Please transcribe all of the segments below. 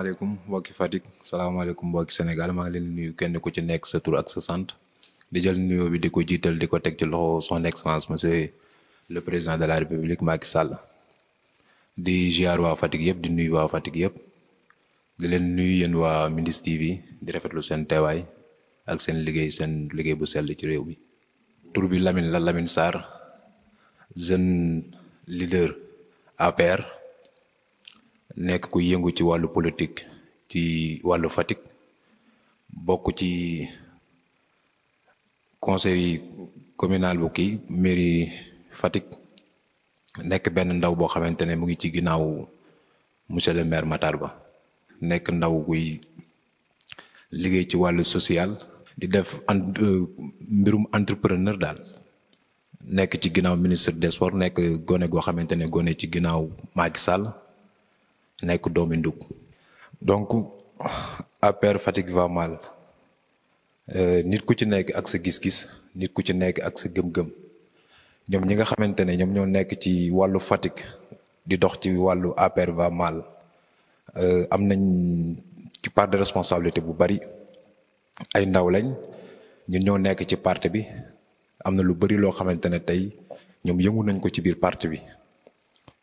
salaamaaleykum mbokki Fatick salaamaaleykum mbokki Sénégal maa ngi leen di nuyu kenn ku ci nekk sa tour ak sa sant di jël nuyo bi di ko jiital di ko teg ci loxo son excellence monsieur le président de la république Macky Sall di ziar waa Fatick yëpp di nuyu waa Fatick yëpp di leen nuyu yéen waa Mindiss TV di rafetlu seen teewaay ak seen liggéey seen liggéey bu sell ci réew mi. tour bi lamin la Lamine Sarr jeune leader APR. nekk kuy yëngu ci wàllu politique ci wàllu Fatick bokk ci conseil communal bu kii mairie Fatick nekk benn ndaw boo xamante ne mu ngi ci ginnaaw monsieur le maire Matar Ba nekk ndaw guy liggéey ci wàllu sociale di def euh, mbirum entrepreneur daal. nekk ci ginnaaw ministre des sports nekk gone goo xamante ne gone ci ginnaaw Macky Sall nekk doomi ndug donc APR Fatick va mal euh, nit ku ci nekk ak sa gis-gis nit ku ci nekk ak sa gëm-gëm ñoom ñi nga xamante ne ñoom ñoo nekk ci wàllu Fatick di dox ci wàllu APR va mal euh, am nañ ci part de responsabilité bu bari ay ndaw lañ ñu ñoo nekk ci parti bi am na lu bari loo xamante ne tey ñoom yëngu nañ ko ci biir parti bi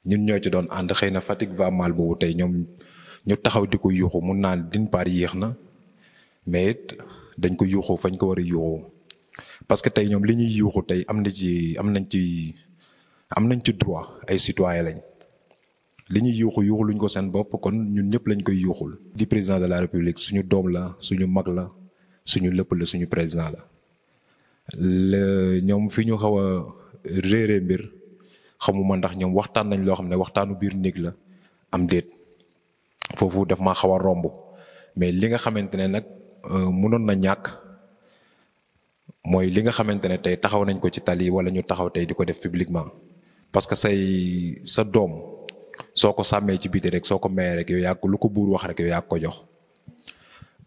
ñun ñoo ci doon ànd xëy na Fatick va mal boobu tey ñoom ñu taxaw di ko yuuxu mun naa d'une part yéex na mais dañ ko yuuxu fañ ko war a yuuxu parce que tey ñoom li ñuy yuuxu tey am na ci am nañ ci am nañ ci droit ay citoyen lañ li ñuy yuuxu yuuxu luñ ko seen bopp kon ñun ñëpp lañ koy yuuxul di président de la république suñu doom la suñu mag la suñu lëpp la suñu président la ñoom fi ñu xaw a réeree mbir xamuma ndax ñoom waxtaan nañ loo xam ne waxtaanu biir néeg la am déet foofu daf ma xaw a romb mais li nga xamante ne nag euh, mënoon na ñàkk mooy li nga xamante ne tey taxaw nañ ko ci tali wala ñu taxaw tey di ko def publiquement parce que say sa doom soo ko sàmmee ci biti rek soo ko mayee rek yow yaa ko lu ko buur wax rek yow yaa ko jox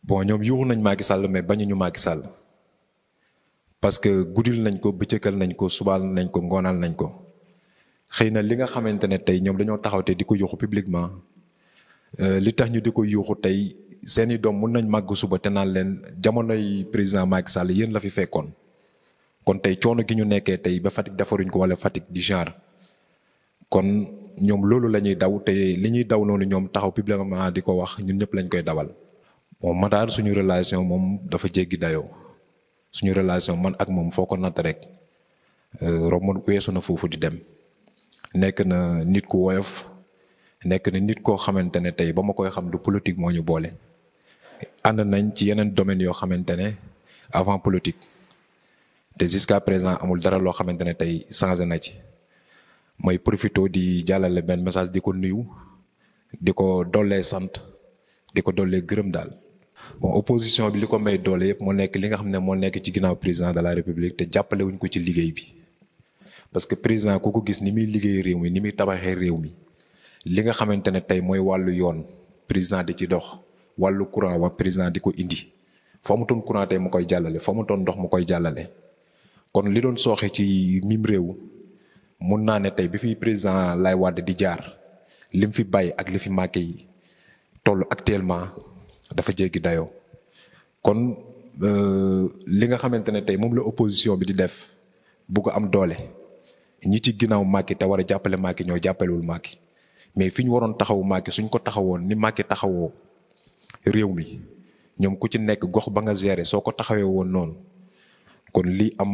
bon ñoom yuuxu nañ Macky mais bañuñu Macky Sall parce que guddil nañ ko bëccëgal nañ ko subaal nañ ko ngoonal nañ ko. xëy na li nga xamante ne tey ñoom dañoo taxawte di ko yuuxu publiquement euh, li tax ñu di ko yuuxu tey seeni doom mun nañ màgg suba te naan leen jamonoy président Macky Sall yéen la fi fekkoon kon tey coono gi ñu nekkee tey ba Fatick defaruñ ko wala Fatick di genre kon ñoom loolu la ñuy daw te li ñuy daw noonu ñoom taxaw publiquement di ko wax ñun ñëpp lañ koy dawal. moom ma Matar suñu relation moom dafa jéggi dayoo suñu relation man ak moom foo ko natt rek euh, romb weesu na foofu di dem. nekk na nit ku woyof nekk na nit koo xamante ne tey ba ma koy xam du politique moo ñu boole ànd nañ ci yeneen domaines yoo xamante ne avant politique te jusqu'à présent amul dara loo xamante ne tey changé na ci may profito di jàllale benn message di ko nuyu di ko dollee sant di ko dollee gërëm daal. bon opposition bi li ko may doole yëpp moo nekk li nga xam ne moo nekk ci ginnaaw président de la république te jàppale wuñ ko ci liggéey bi. parce que président ku ko gis ni muy liggéey réew mi ni muy tabaxee réew mi li nga xamante ne tey mooy wàllu yoon président di ci dox wàllu courant wa président di ko indi fa mu toon koy jàllale fa toon ndox mu koy jàllale. kon li doon sooxe ci mim réew mun naa ne tey bi fi président Laay Wàdd di jaar lim fi bàyyi ak li fi màkke yi toll actuellement dafa jéggi dayoo kon euh, li nga xamante ne tey moom la opposition bi di def bu ko am doole. ñi ci ginnaaw Macky te war a jàppale Macky ñoo jàppalewul Macky mais fi ñu waroon taxawu Macky suñ ko taxawoon ni Macky taxawoo réew mi ñoom ku ci nekk gox ba nga gérer soo ko taxawee woon noonu kon li am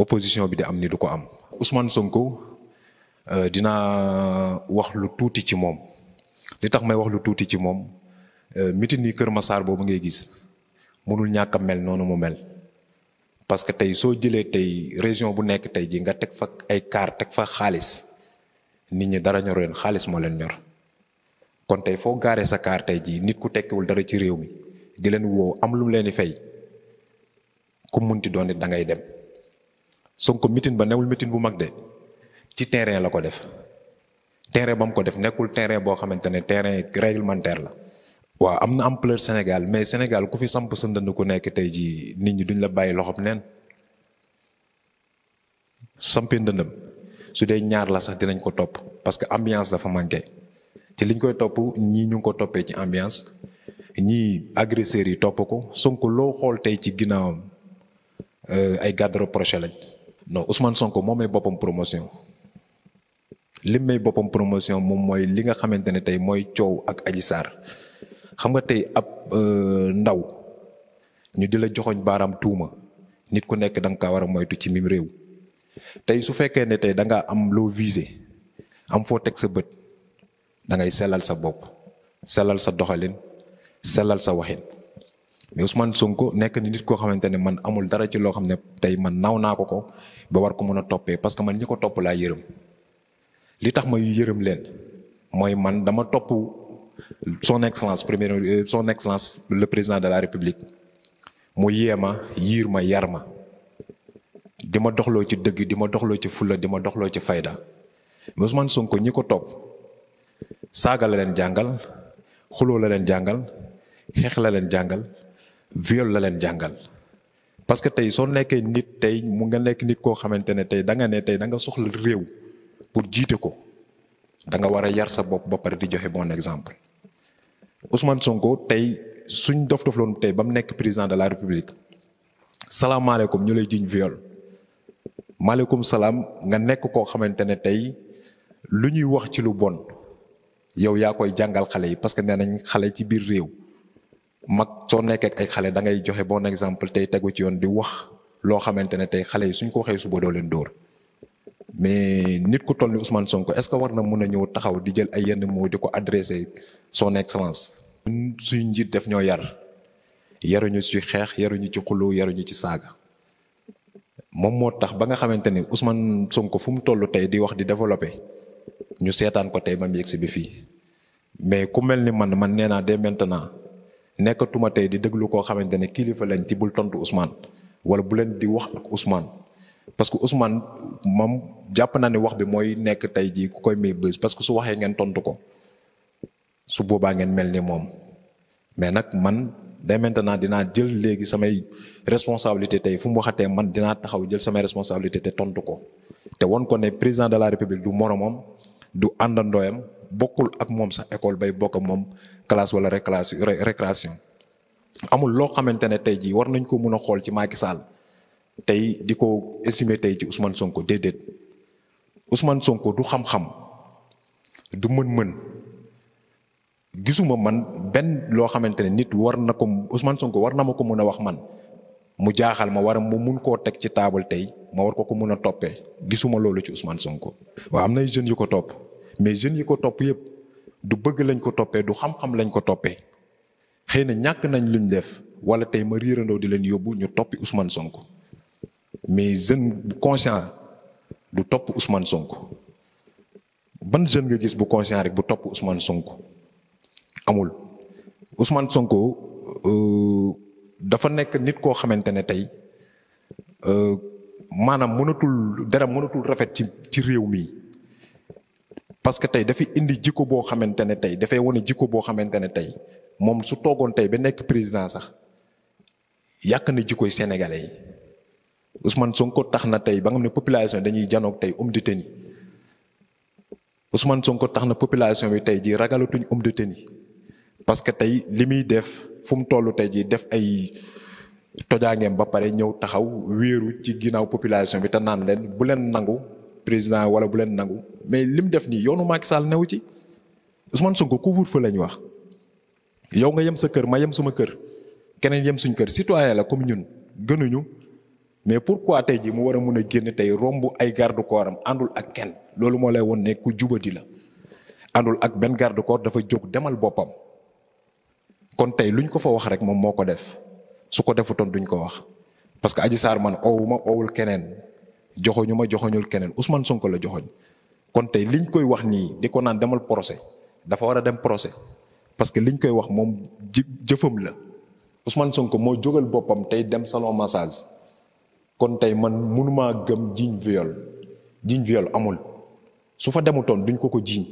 opposition bi di am ni du ko am. Ousmane Sonko euh, dinaa wax lu tuuti ci moom li tax may wax lu tuuti ci moom euh, mitin yi Kër Massar boobu ngay gis mënul ñàkk mel noonu mu mel. parce que tey soo jëlee tey région bu nekk tey ji nga teg fa ay kaar teg fa xaalis nit ñi dara ñor leen xaalis moo leen ñor kon tey foo gaaree sa kaar tey jii nit ku tekkiwul dara ci réew mi di leen woo am lu mu leen di fay mun munti doon it da ngay dem ko mitin ba newul mitin bu mag de ci terrain la ko def terrain ba mu ko def nekkul terrain boo xamante ne terrain réglementaire la. waaw am na ampleur Sénégal mais Sénégal ku fi samp sa ndënd ku nekk tey jii nit ñi duñ la bàyyi loxoom neen su sampee ndëndam su dee ñaar la sax dinañ ko topp parce que ambiance dafa manqué ci liñ koy topp ñii ñu ngi ko toppee ci ambiance ñii agresseurs yi topp ko Sonko loo xool tey ci ginnaawam euh, ay garde rapprochée lañ. non Ousmane Sonko moom may boppam promotion lim may boppam promotion moom mooy li nga xamante ne tey mooy coow ak aji Sarr xam nga tey ab euh, ndaw ñu di la joxoñ baaraam tuuma nit ku nekk da nga kaa war a moytu ci mim réew tey su fekkee ne tey da am loo visé am foo teg sa bët da ngay sellal sa bopp sellal sa doxalin sellal sa waxin mais man Sonko nekk ni nit koo xamante ne man amul dara ci loo xam ne tey man naw naa ko ko ba war ko mën a toppee parce que man ñi ko topp laa yërëm li tax ma yërëm leen mooy man dama topp. son excellence premier euh, son excellence le président de la république mu yee ma yiir ma yar ma di ma doxloo ci dëgg di ma doxloo ci fulla di ma doxloo ci fayda mais Ousmane Sonko ñi ko topp saaga la leen jàngal xuloo la leen jàngal xeex leen jàngal viol la leen jàngal parce que tey soo nekkee nit tey mu nga nekk nit koo xamante ne tey da nga ne tey da nga soxla réew pour jiite ko da nga war a yar sa bopp ba pare di joxe bon exemple Ousmane Sonko tey suñ dof dof loon tey ba mu nekk président de la république salaamaaleykum ñu lay jiñ viol maaleykum salaam nga nekk koo xamante ne tey lu ñuy wax ci lu bon yow yaa koy jàngal xale yi parce que nee nañ xale ci biir réew mag soo nekkee ay xale da ngay joxe bon exemple tey tegu ci yoon di wax loo xamante ne tey xale yi suñ ko waxee suba doo leen dóor. mais nit ku toll ni Ousmane Sonko est-ce que war na mun a ñëw taxaw di jël ay yenn moo di ko adressé son excellence. suñ njiit def ñoo yar yaruñu ci xeex yaruñu ci xulu yaruñu ci saaga moom moo tax ba nga xamante ni Ousmane Sonko fu mu toll tey di wax di développé ñu seetaan ko tey ba mu yegsi bi fii mais ku mel ni man man nee naa dès maintenant nekkatuma tey di déglu koo xamante ne kilifa lañ ci bul tontu Ousmane wala bu leen di wax ak usmaan parce que Ousmane moom jàpp naa ne wax bi mooy nekk tey jii ku koy may bës parce que su waxee ngeen tontu ko su boobaa ngeen mel ni moom mais nag man day maintenant dinaa jël léegi samay responsabilité tey fu mu waxatee man dinaa taxaw jël samay responsabilité te tontu ko te won ko ne président de la république du moromam du àndandooyam bokkul ak moom sax école bay bokk ak moom classe wala récréation amul loo xamante ne tey jii war nañ ko mun a xool ci Macky Sall tey di ko estimer tey ci Ousmane Sonko déedéet usman Sonko du xam-xam du mën-mën gisuma man benn loo xamante ne nit war na ko Ousmane Sonko war na ma ko mën a wax man mu jaaxal ma war a mu koo teg ci taabal tey ma war ko ko mën a toppee gisuma loolu ci Ousmane Sonko. waaw am na ay jeunes yu ko topp mais jeunes yi ko topp yëpp du bëgg lañ ko toppee du xam-xam lañ ko toppee xëy na ñàkk nañ luñ def wala tey ma riirandoo di leen yóbbu ñu toppi Ousmane Sonko. mais jeune bu conscient du topp Ousmane Sonko ban jeune nga gis bu conscient rek bu topp Ousmane Sonko amul Ousmane Sonko euh, dafa nekk nit koo xamante ne tey euh, maanaam mënatul dara mënatul rafet ci ci réew mi parce que tey dafa indi jikko boo xamante ne tey dafay wane jikko boo xamante ne tey moom su toogoon tey ba nekk président sax yàq na jikkoy sénégalais yi. Ousmane Sonko tax na tey ba nga ne population dañuy janoog tey homme de tenue Ousmane Sonko tax na population bi tey jii ragalatuñu homme de tenue parce que tey li muy def fu mu toll tey jii def ay tojaangeem ba pare ñëw taxaw wéeru ci ginnaaw population bi te naan leen bu leen nangu président wala bu leen nangu mais lim def nii yoonu ak Sall newu ci Ousmane Sonko couvre-feu la ñu wax yow nga yem sa kër ma yem sama kër keneen yem suñ kër citoyen la comme ñun gënuñu. mais pour pourquoi tey jii mu war a mun a génn tey romb ay garde corps am àndul ak kenn loolu moo lay woon ne ku jubadi la àndul ak benn garde corps dafa jóg demal boppam kon tey luñ ko fa wax rek moom moo ko def su ko defutoon duñ ko wax parce que Adji Sarr man owu ma owul keneen joxoñu ma joxoñul keneen Ousmane Sonko la joxoñ kon tey liñ koy wax nii di ko naan demal procès dafa war a dem procès parce que liñ koy wax moom jëfam la Ousmane sonk moo jógal boppam tey dem salon massage kon tey man mënumaa gëm jiñ viol jiñ viol amul su fa demutoon duñ ko ko jiiñ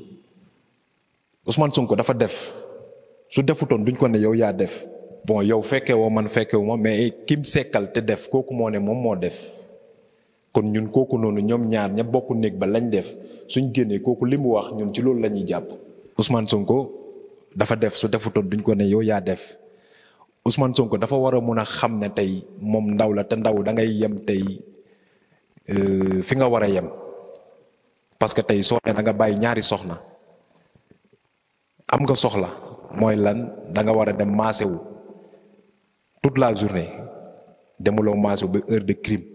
Ousmane Sonko dafa def su defutoon duñ ko ne yow yaa def bon yow fekkee woo man fekke wu ma mais kim sekkal te def kooku moo ne moom moo def kon ñun kooku noonu ñoom ñaar ña bokk néeg ba lañ def suñ génnee kooku li mu wax ñun ci loolu lañuy ñuy jàpp Ousmane Sonko dafa def su defutoon duñ ko ne yow yaa def Ousmane Sonko dafa war a mun a xam ne tey moom ndaw la te ndaw da ngay yem tey euh, fi nga war a yem parce que tey soo ne da nga bàyyi ñaari soxna am nga soxla mooy lan da nga war a dem maase wu toute la journée demuloo maase wu ba heure de crime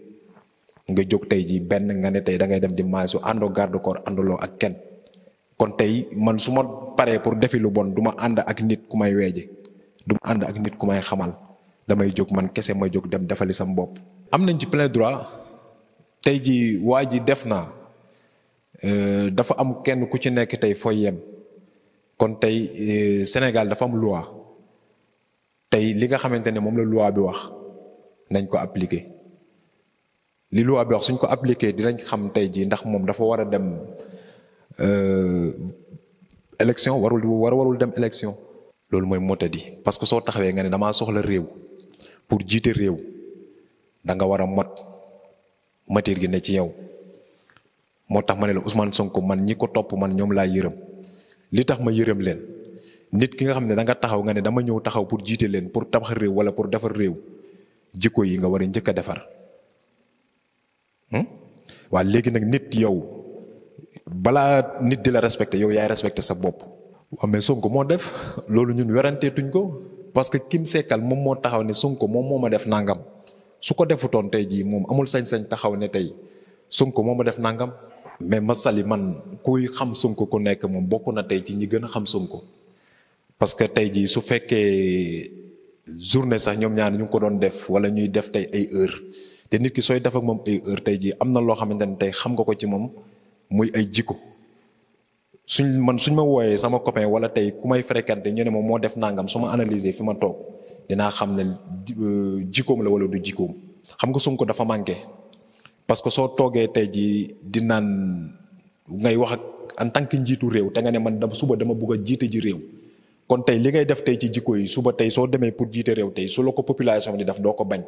nga jóg tey ji benn nga ne tey da ngay dem di maase wu àndoo garde corps àndaloo ak kenn kon tey man su ma paree pour defi lu bon du ma ànd ak nit ku may weeje du ma ànd ak nit ku may xamal damay jóg man kese ma jóg dem defali sam bopp. am nañ ci plein droit tey ji waa ji def naa euh, dafa am kenn ku ci nekk tey foo yem kon tey euh, Sénégal dafa am loi tey li nga xamante ne moom la loi bi wax nañ ko appliquer li loi bi wax suñ ko appliquer dinañ xam tey ji ndax moom dafa war a dem euh, élection warul war warul dem élection. loolu mooy motadi parce que soo taxawee nga ne damaa soxla réew pour jiite réew da nga war a mot matière gi ne ci yow moo tax ma ne la Ousmane Sonko man ñi ko topp man ñoom laa yërëm li tax ma yërëm leen nit ki nga xam ne da nga taxaw nga ne dama ñëw taxaw pour jiite leen pour tabax réew wala pour defar réew jikko yi nga war a njëkk a defar. Hmm? waa léegi nag nit yow balaa nit di la respecté yow yaay respecté sa bopp. waaw mais Sonko moo def loolu ñun weranteetuñ ko parce que Kim Seckal moom moo taxaw ne Sonko moom moo ma def nangam su ko defutoon tey jii moom amul sañ-sañ taxaw ne tey Sonko moo ma def nangam. mais Massaly man kuy xam Sonko ku nekk moom bokk na tey ci ñi gën a xam Sonko parce que tey jii su fekkee journée sax ñoom ñaar ñu ngi ko doon def wala ñuy def tey ay heure te nit ki sooy def ak moom ay heure tey jii am na loo xamante ne tey xam nga ko ci moom muy ay jikko. suñ man suñ ma wooyee sama copain wala tey ku may fréquenté ñu ne ma moo def nangam su ma analyser fi ma toog dinaa xam ne euh, jikkoom la wala du jikkoom xam nga Sonko dafa manqué parce que soo toogee tey ji di naan ngay wax ak en tant que njiitu réew te nga ne man dama suba dama bugg jiite ji réew kon tey li ngay def tey ci jikko yi suba tey soo demee pour jiite réew tey su la ko population di def doo ko bañ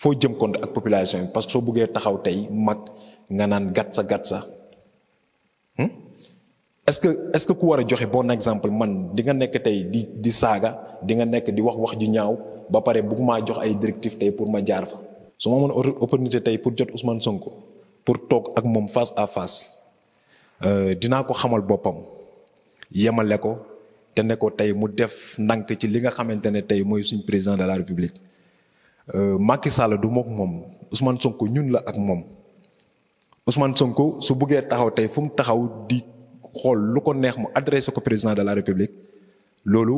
foo jëm kon ak population bi parce que soo buggee taxaw tey mag nga naan gat sa gat sa hmm? est-ce que est-ce que ku war a joxe bon exemple man di nga nekk tey di di saaga di nga nekk di wax wax ju ñaaw ba pare bëgg maa jox ay directive tey pour ma jaar fa su ma amoon opportunité tey pour jot Ousmane Sonko pour toog ak moom face à face euh, dinaa ko xamal boppam yemale ko te ne ko tey mu def ndànk ci li nga xamante ne tey mooy suñ président de la république euh, Macky Sall du mook moom Ousmane Sonko ñun la ak moom Ousmane Sonko su buggee taxaw tey fu mu taxaw xool lu ko neex mu adressé ko président de la république loolu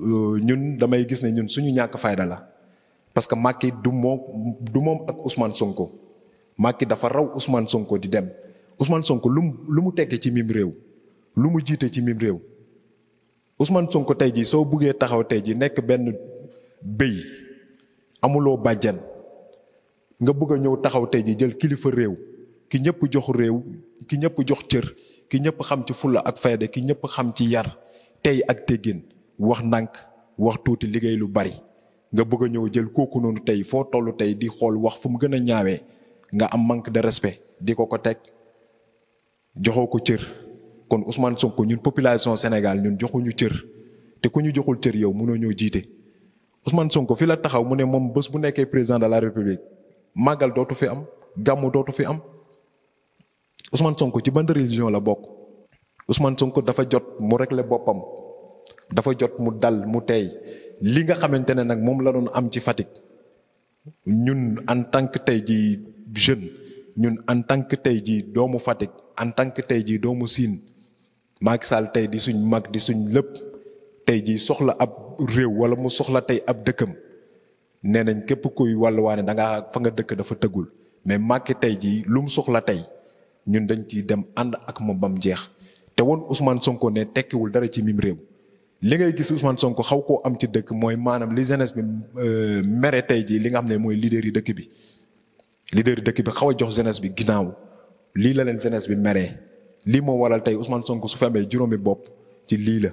euh, ñun damay gis ne ñun suñu ñàkk fayda la parce que Macky du moom du moom ak Ousmane Sonko Macky dafa raw Ousmane Sonko di dem Ousmane Sonko lu lu mu tekkee ci mim réew lu mu jiite ci mim réew Ousmane Sonko tey jii soo buggee taxaw tey jii nekk benn béy amuloo bàjjan nga bëgg ñëw taxaw tey ji jël kilifa réew ki ñëpp jox réew ki ñëpp jox cër ki ñëpp xam ci fulla ak fayda ki ñëpp xam ci yar tey ak teggin wax ndànk wax tuuti liggéey lu bari nga bëgg a ñëw jël kooku noonu tey foo tollu tey di xool wax fu mu gën a ñaawee nga am manque de respect di ko ko teg joxoo ko cër kon Ousmane ko ñun population Sénégal ñun joxuñu cër te ku ñu joxul cër yow mënoo ñëw jiite Ousmane Sonko fi la taxaw mu ne moom bés bu nekkee président de la République màggal dootu fi am gàmmu dootu fi am. Ousmane sonk ci ban religion la bokk Ousmane sonk dafa jot mu régler boppam dafa jot mu dal mu tey li nga xamante ne nag moom la doon am ci Fatick ñun en tànk tey ji jeune ñun en tànk tey ji doomu Fatick en tant tey ji doomu Sine Macky Sall tey di suñ mag di suñ lépp tey ji soxla ab réew wala mu soxla tey ab dëkkam nee nañ képp kuy wàlluwaane da nga fa nga dëkk dafa tëggul mais Macky tey ji lu mu soxla tey ñun dañ ciy dem ànd ak moom ba mu jeex te woon Ousmane Sonko ne tekkiwul dara ci mim réew li ngay gis Ousmane sonk xaw ko am ci dëkk mooy maanaam li jeunesse bi euh, mere tey jii li nga xam ne mooy leader yi dëkk bi leader dëkk bi xaw a jox jeunesse bi ginnaaw lii la leen jeunesse bi meree lii moo walal tey Ousmane sonk su fi juróomi bopp ci lii la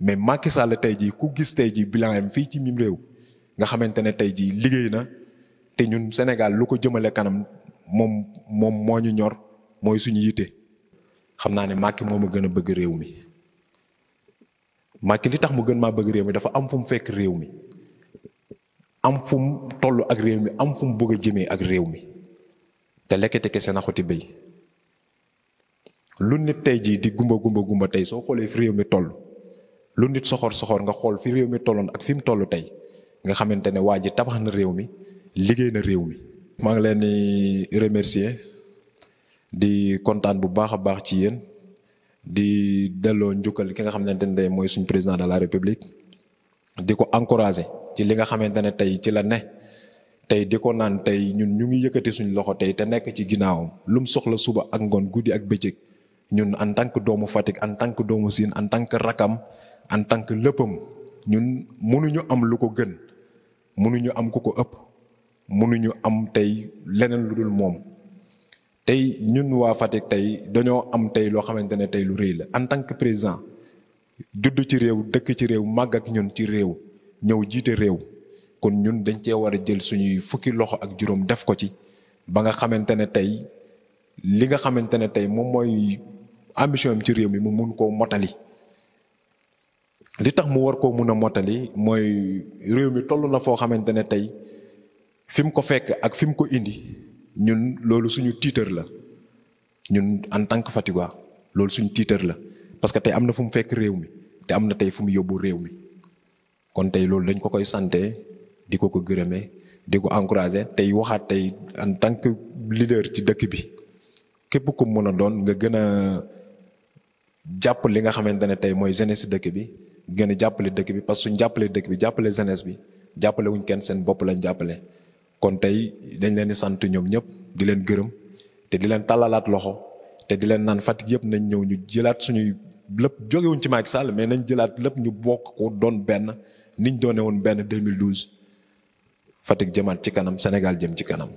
mais Macky Sall tey jii ku gis tey jii bilan am fii ci mim réew nga xamante ne tey jii liggéey na te ñun Sénégal lu ko jëmale kanam moom moom moo ñu ñor. mooy suñu yitte xam naa ne Macky moo ma gën a bëgg réew mi Macky li tax mu gën maa bëgg réew mi dafa am fu mu fekk réew mi am fum mu toll ak réew mi am fu mu bëgg a jëmee ak réew mi te lekkete kese na xuti bay lu nit tey jii di gumba gumba gumba tey soo xoolee fi réew mi toll lu nit soxor soxor nga xool fi réew mi tolloon ak fi mu toll tey nga xamante ne waa ji tabax na réew mi liggéey na réew mi. maa ngi leen di remercier di kontaan bu baax a baax ci yéen di delloo njukkal ki nga xamante ne tey mooy suñ président de la république di ko encourager ci li nga xamante ne tey ci la ne tey di ko naan tey ñun ñu ngi yëkkati suñ loxo tey te nekk ci ginnaawam lu mu soxla suba ak ngoon guddi ak bëccëg ñun en tant que doomu Fatick en tant que doomu siin en tant que rakam en tant que léppam ñun mënuñu am lu ko gën mënuñu am ku ko ëpp mënuñu am tey leneen lu dul moom. tey ñun waa Fatick tey dañoo am tey loo xamante ne tey lu rëy la en tant que président judd ci réew dëkk ci réew màgg ak ñun ci réew ñëw jiite réew kon ñun dañ cee war a jël suñuy fukki loxo ak juróom def ko ci ba nga xamante ne tey li nga xamante ne tey moom mooy ambition ci réew mi mu mun koo motali. li tax mu war koo mun a motali mooy réew mi toll na foo xamante ne tey fi mu ko fekk ak fi mu ko indi. ñun loolu suñu tiitër la ñun en tant que Fatickoi loolu suñu tiitër la parce que tey am na fu mu fekk réew mi te am na tey fu mu yóbbu réew mi kon tey loolu dañ ko koy sante di ko ko gërëmee di ko encourager tey waxaat tey en tant que ci dëkk bi képp kum mun a doon nga gën a jàpp li nga xamante ne tey mooy jeunesse dëkk bi gën a jàppale dëkk bi parce suñ jàppale dëkk bi jàppale jeunesse bi jàppale wuñ kenn seen bopp lañ jàppale kon tey dañ leen di sant ñoom ñëpp di leen gërëm te di leen tàllalaat loxo te di leen naan Fatick yëpp nañ ñëw ñu jëlaat suñuy lépp jógewuñ ci Macky Sall mais nañ jëlaat lépp ñu bokk ko doon benn niñ doone woon benn 2012 Fatick jëmaat ci kanam Sénégal jëm ci kanam